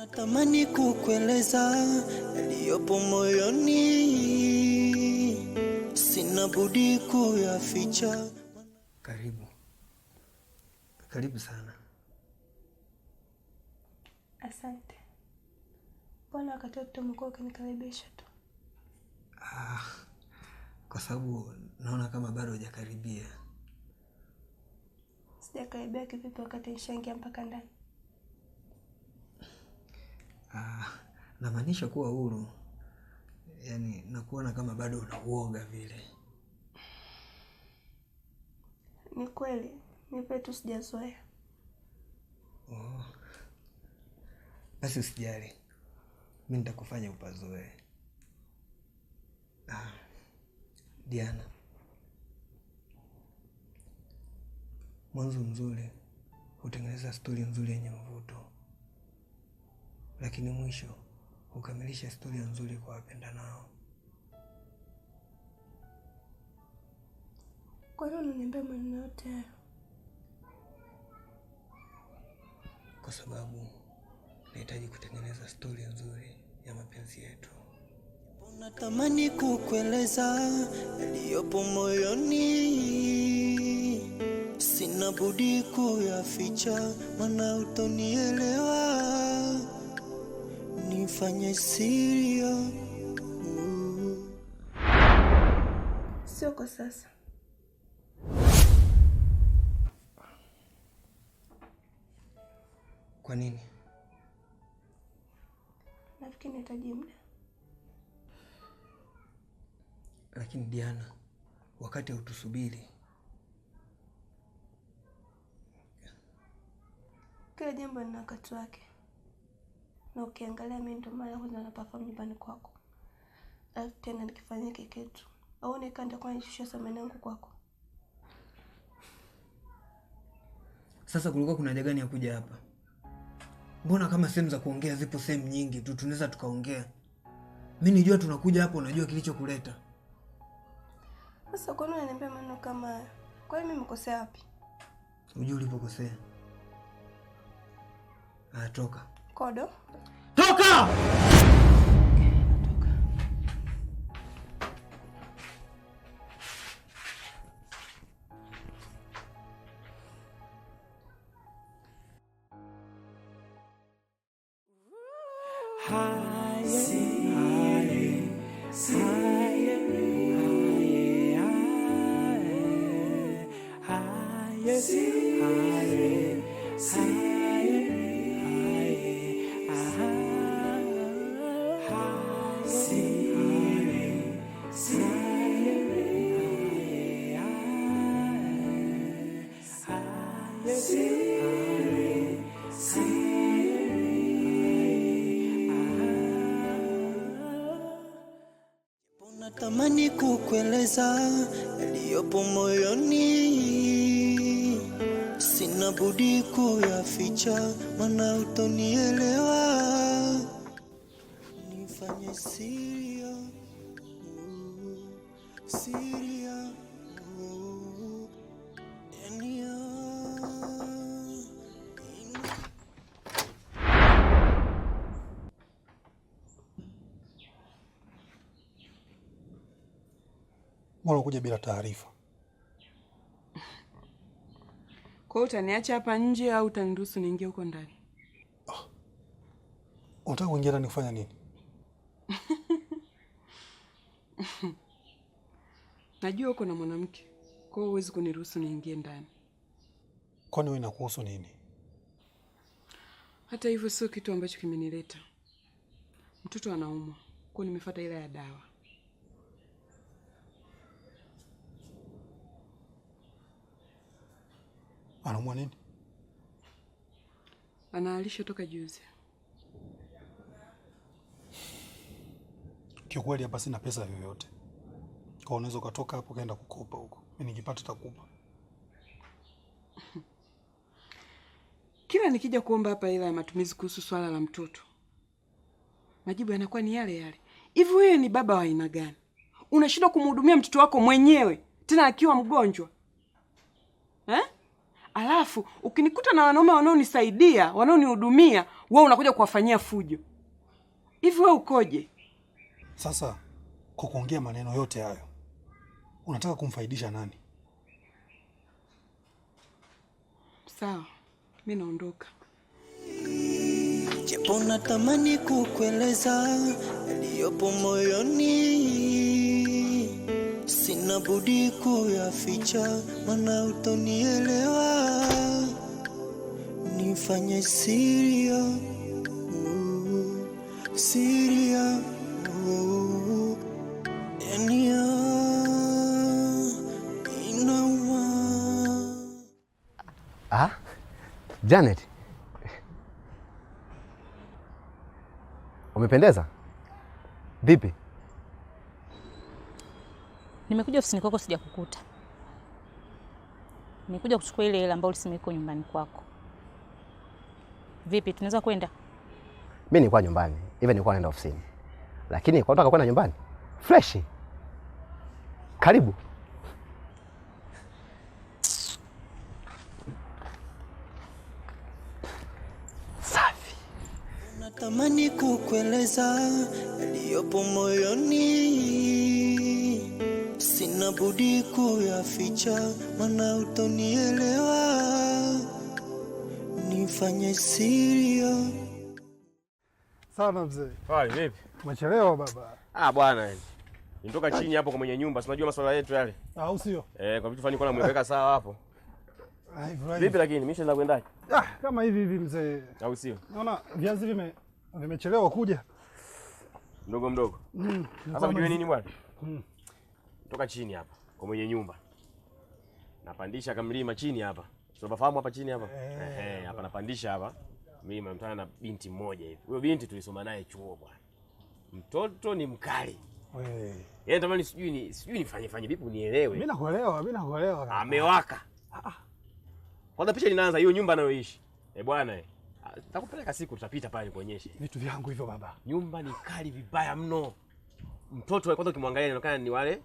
Natamani kukueleza yaliyopo moyoni, sina budi kuyaficha. Karibu, karibu sana. Asante. Mbona wakati wote umekuwa ukinikaribisha tu? Ah, kwa sababu naona kama bado hujakaribia. Sijakaribia kivipi wakati nishaingia mpaka ndani? Ah, namaanisha kuwa huru, yaani nakuona kama bado unauoga vile. Ni kweli, nipe tu, sijazoea. Oh, basi usijali, mi nitakufanya upazoe. Ah, Diana, mwanzo mzuri hutengeneza stori nzuri yenye mvuto lakini mwisho hukamilisha historia nzuri kwa wapenda nao. Kwa hiyo unaniambia maneno yote hayo kwa sababu nahitaji kutengeneza stori nzuri ya mapenzi yetu. Unatamani kukueleza yaliyopo moyoni, sina budi kuyaficha, maana utonielewa mfanye sirio. Sio kwa sasa. Kwa nini? Nafikiri nahitaji muda. Lakini Diana, wakati hautusubiri. Kila jambo lina wakati wake na ukiangalia mimi ndo mara kwanza na perform nyumbani kwako, alafu tena nikifanyike kitu auone kanda kwa nishusha samani yangu kwako. Sasa kulikuwa kuna haja gani ya kuja hapa? Mbona kama sehemu za kuongea zipo sehemu nyingi tu, tunaweza tukaongea. Mimi nijua tunakuja hapa, unajua kilichokuleta sasa. Kwani unaniambia maneno kama kwa hiyo, mimi mkosea wapi? Unajua ulipokosea. toka. Kodo, toka! See Natamani kukueleza yaliyopo moyoni, sina budi kuyaficha, maana utonielewa, nifanye siri wala bila taarifa. Kwa hiyo utaniacha hapa nje au utaniruhusu niingie huko ndani? Oh. Unataka kuingia ndani kufanya nini? Najua uko na mwanamke, kwa hiyo huwezi kuniruhusu niingie ndani. Kwani wewe inakuhusu nini? Hata hivyo sio kitu ambacho kimenileta. Mtoto anaumwa, kwa hiyo nimefuata ile ya dawa. Anaumwa nini? Anaalisha toka juzi. Kiukweli hapa sina pesa yoyote, kwa unaweza ukatoka hapo ukaenda kukopa huko. Mimi nikipata takupa. Kila nikija kuomba hapa hela ya matumizi kuhusu swala la mtoto, majibu yanakuwa ni yale yale. Hivi wewe ni baba wa aina gani? Unashindwa kumhudumia mtoto wako mwenyewe tena akiwa mgonjwa eh? alafu ukinikuta na wanaume wanaonisaidia wanaonihudumia, we unakuja kuwafanyia fujo. Hivi we ukoje? Sasa kwa kuongea maneno yote hayo unataka kumfaidisha nani? Sawa, mi naondoka. Japo natamani kukueleza yaliyopo moyoni sina budi kuyaficha, mana utonielewa, nifanye siria siria Ah, Janet umependeza vipi? nimekuja ofisini kwako sijakukuta, nimekuja kuchukua ile hela ambayo ulisema iko nyumbani kwako. Vipi, tunaweza kwenda? Mimi nilikuwa nyumbani, even nilikuwa naenda ofisini, lakini kwa nataka kwenda nyumbani fresh. Karibu. Tamani kukueleza yaliyopo moyoni Sina budi kuyaficha, mana utonielewa, nifanye sirio. sana. Mzee Hai, vipi, umechelewa baba? Ah bwana, nitoka chini hapo kwa mwenye nyumba, sinajua masuala yetu yale, Ah, usio. Eh, kwa vitu fani kwa namweka sawa hapo. Hai, Vipi lakini mimi za kwendaje? Ah, kama hivi hivi mzee, au sio? Naona viazi vime vimechelewa kuja mdogo mdogo. Mm, Sasa mm, ujue nini bwana mm toka chini hapa kwa mwenye nyumba, napandisha kamlima chini hapa, sio tunafahamu hapa chini hapa eh, eh, eh, hapa napandisha hapa mlima, mtana na binti mmoja hivi. Huyo binti tulisoma naye chuo bwana, mtoto ni mkali wewe. Yeye tamani sijui ni sijui nifanye fanye vipi unielewe. Mimi nakuelewa, mimi nakuelewa. Amewaka. Ah, ah. Kwanza picha inaanza hiyo nyumba anayoishi. Eh, bwana eh. Nitakupeleka siku tutapita pale nikuonyeshe. Vitu vyangu hivyo baba. Nyumba ni kali vibaya mno. Mtoto kwanza ukimwangalia inaonekana ni wale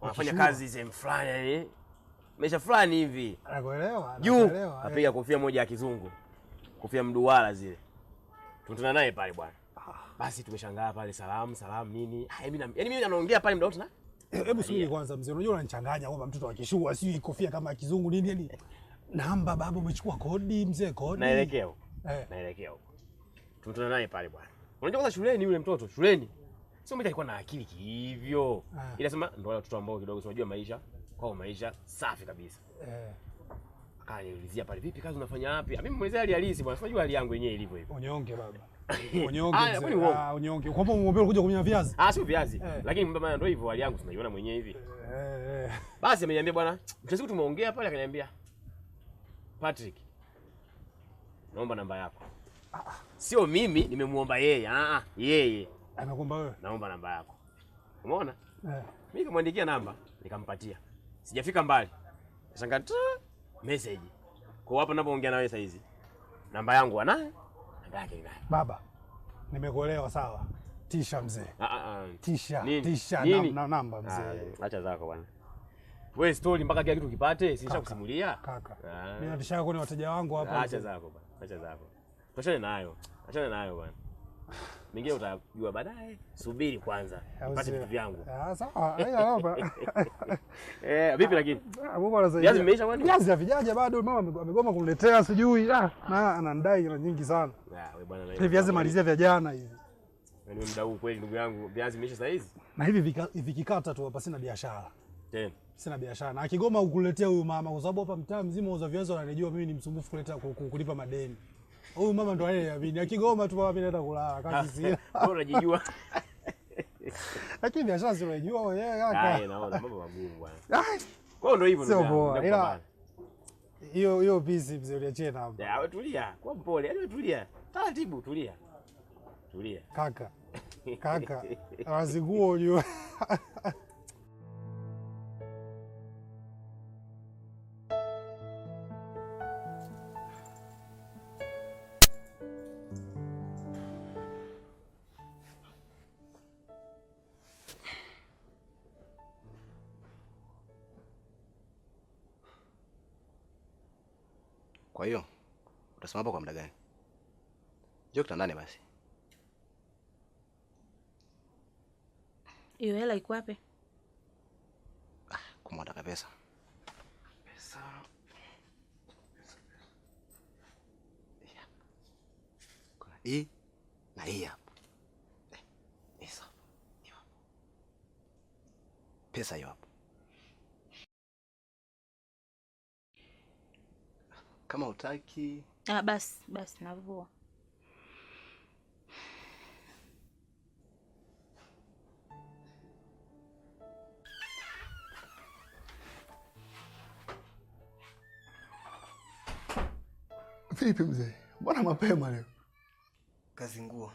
unafanya kazi sehemu fulani yaani, maisha fulani hivi, anakuelewa juu, eh. apiga kofia moja ya kizungu, kofia mduwala zile, tunatana naye pale bwana. Ah. Basi tumeshangaa pale, salamu salamu nini, ah, yani yaani mimi anaongea pale muda wote na eh, Hebu subiri kwanza mzee, unajua unanichanganya kwamba mtoto akishua sijui kofia kama kizungu nini, yani namba baba, umechukua kodi mzee, kodi naelekea huko, eh. naelekea huko, tunatana naye pale bwana. Unajua kwanza shuleni, yule mtoto shuleni sio mimi nilikuwa na akili kivyo ah. Ila sema ndio wale watoto ambao kidogo unajua maisha kwao maisha safi kabisa eh. Akaniulizia pale, vipi kazi unafanya wapi? Ah, mimi mwezea hali halisi bwana, unajua hali yangu yenyewe ilivyo hivyo. Unyonge baba. Unyonge. Ah, kwani Ah, unyonge. Kwa sababu mwombea kuja kunyanya viazi. Ah, sio viazi. Eh. Lakini mbona ndio hivyo hali yangu tunaiona mwenyewe hivi. Eh, eh. Basi ameniambia bwana, mchana siku tumeongea pale akaniambia Patrick, naomba namba yako. Ah, ah. sio mimi nimemuomba yeye. Ah, ah yeye. Amekuomba wewe? Naomba namba yako. Umeona? Eh. Mimi nikamwandikia namba, nikampatia. Sijafika mbali. Nashanga tu message. Kwa hapa ninapoongea na wewe sasa hizi. Namba yangu anaye? Namba yake inayo. Baba. Nimekuelewa sawa. Tisha mzee. Ah ah. ah. Tisha, nini? Tisha nini? Na, na namba mzee. Ah, acha zako bwana. Wewe story mpaka kila kitu kipate, nisha kusimulia. Kaka. Ah. Mimi natishaka kuona wateja wangu hapa. Acha zako bwana. Acha zako. Tuachane nayo. Achana nayo bwana mengine utajua baadaye, subiri kwanza nipate vitu vyangu. Sawa, eh, vipi lakini ah, ah, viazi vimeisha? Kwani viazi havijaja bado, mama amegoma kumletea, sijui ah, na anandai na nyingi sana. Hivi viazi malizia vya jana hivi muda huu kweli, ndugu yangu, viazi vimeisha saa hizi, na hivi vikikata tu hapa, sina biashara tena sina biashara na akigoma kukuletea huyu mama, kwa sababu hapa mtaa mzima wauza viazi wananijua mimi ni msumbufu kuleta kulipa madeni Huyu mama ndo yeye vini. Akigoma tu wapi hata kulala kakizira. Wewe unajijua. Lakini biashara sio unajua wewe kaka. Ah, naona mambo magumu bwana. Kwa hiyo ndo hivyo ndio. Sio poa. Ila hiyo hiyo busy mzee uliachia na hapo. Ah, tulia. Kwa mpole. Yaani tulia. Taratibu tulia. Tulia. Kaka. Kaka. Waziguo ulio. Kwa hiyo utasema hapa kwa muda gani? Njoo kitandani basi. Hiyo hela iko wapi? Ah, kumwataka pesa. Pesa. Hii na hii hapo. Eh, pesa hiyo hapo. Kama utaki ah, basi basi navua. Vipi mzee, mbona mapema leo? Kazi nguo.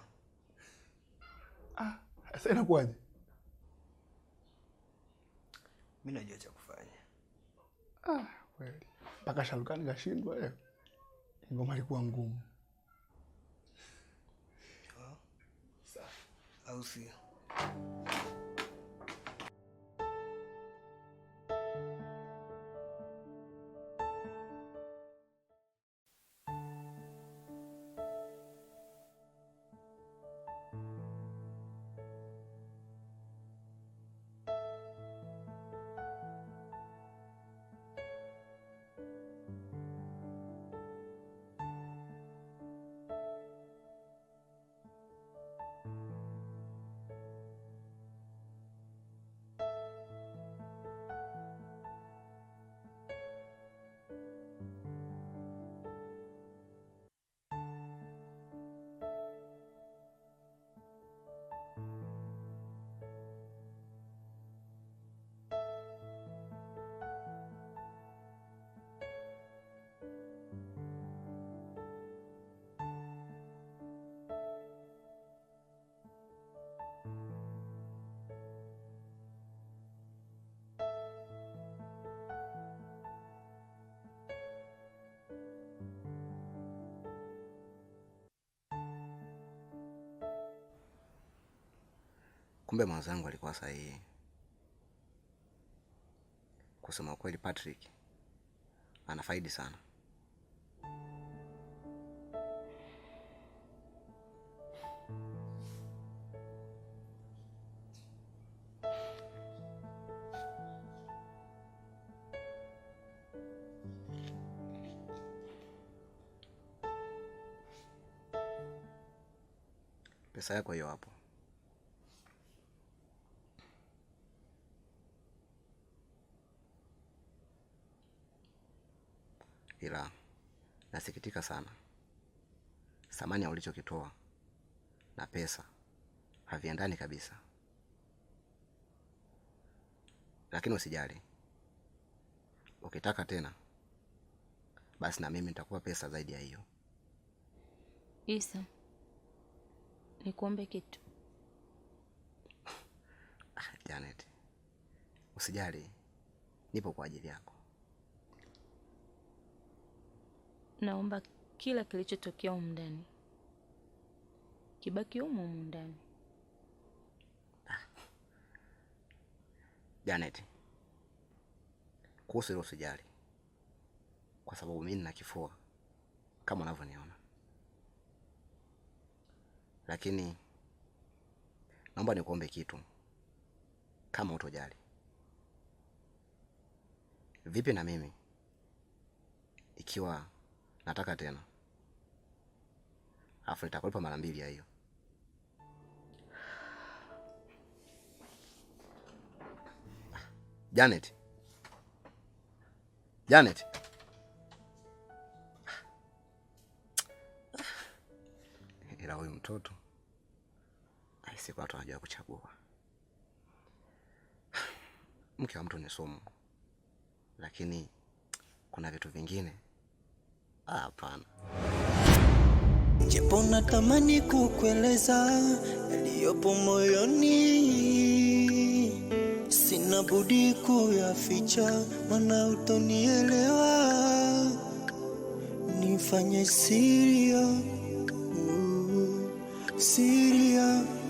Ah, sasa inakuwaje? Mimi najua cha kufanya. Ah kweli, mpaka Sharukani kashindwa leo. Eh. Ngoma ilikuwa ngumu, au sio? kumbe mwenzangu alikuwa sahihi. Kusema ukweli, Patrick anafaidi sana. Pesa yako hiyo hapo. ila nasikitika sana, thamani ya ulichokitoa na pesa haviendani kabisa, lakini usijali, ukitaka tena basi na mimi nitakupa pesa zaidi ya hiyo. Isa, nikuombe kitu. Ah, Janet, usijali, nipo kwa ajili yako. naomba kila kilichotokea humu ndani kibaki humu humu ndani. Ah. Janet, kuhusu hilo usijali, kwa sababu mimi nina kifua kama unavyoniona, lakini naomba nikuombe kitu kama utojali. Vipi na mimi ikiwa nataka tena, afu nitakulipa mara mbili ya hiyo. Janet, Janet, ila huyu mtoto siku watu wanajua kuchagua. Mke wa mtu ni sumu, lakini kuna vitu vingine Ah, hapana. Japo natamani kukueleza yaliyopo moyoni, sina budi kuyaficha, maana utonielewa, nifanye siria, uh, mm, siria